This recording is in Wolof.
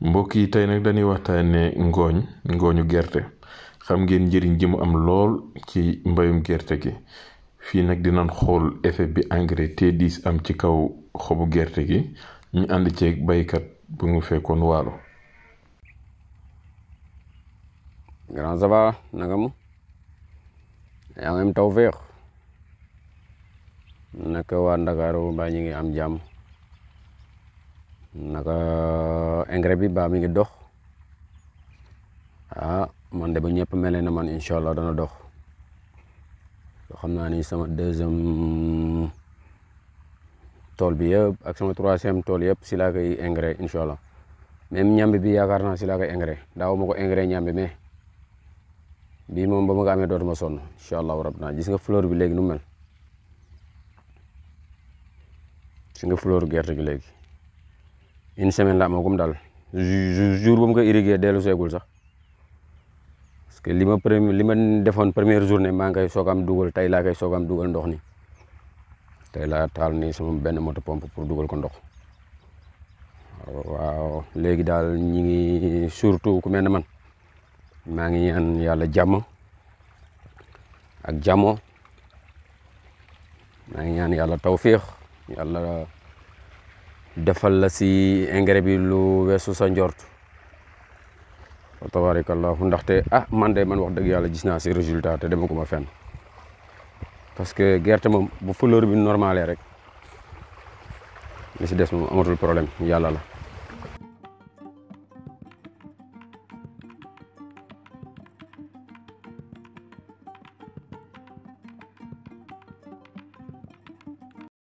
mbokk yi tey nag dañuy waxtaanee ngooñ ngooñu gerte xam ngeen njëriñ ji mu am lool ci mbayum gerte gi fii nag dinañ xool effet bi engrais te diis am ci kaw xobu gerte gi ñu ànd ceeg baykat bu mu fekkoon waalo. grand nagam va naka mu yaa ngi naka waa Ndakaaru mbaa ñu ngi am jàmm. naka engrais bi baa mi ngi dox ah man de bu ñëpp mel na man incha allah dana dox xam naa ni sama deuxième tool bi yëpp ak sama troisième tool yëpp si laa koy engrais incha allah même ñàmbi bi yaakaar naa si laa engrais daaw ma ko engrais ñàmbi mais bii moom ba ma ko amee dootuma sonn incha allah rabi naa gis nga fleur bi léegi nu mel gis nga fleur gerte gi léegi. une semaine la amagum daal jour ba mu ko irrigué dellu seegul sax parce que li ma premier li ma defoon première journée maa ngi koy soog am dugal tey laa koy soog am dugal ndox ni tey laa taal ni sama benn moto pompe pour dugal ko ndox waaw léegi daal ñi ngi surtout ku mel ne man maa ngi ñaan yàlla jàmm ak jàmmoo maa ngi ñaan yàlla tawféex yàlla defal la si engrais bi lu weesu sa njort tabarakallahu ndaxte ah man de man wax dëgg yàlla gis naa si résultat te demaguma fenn parce que gerte moom bu fleur bi normalé rek li si des moom amatul problème yàlla la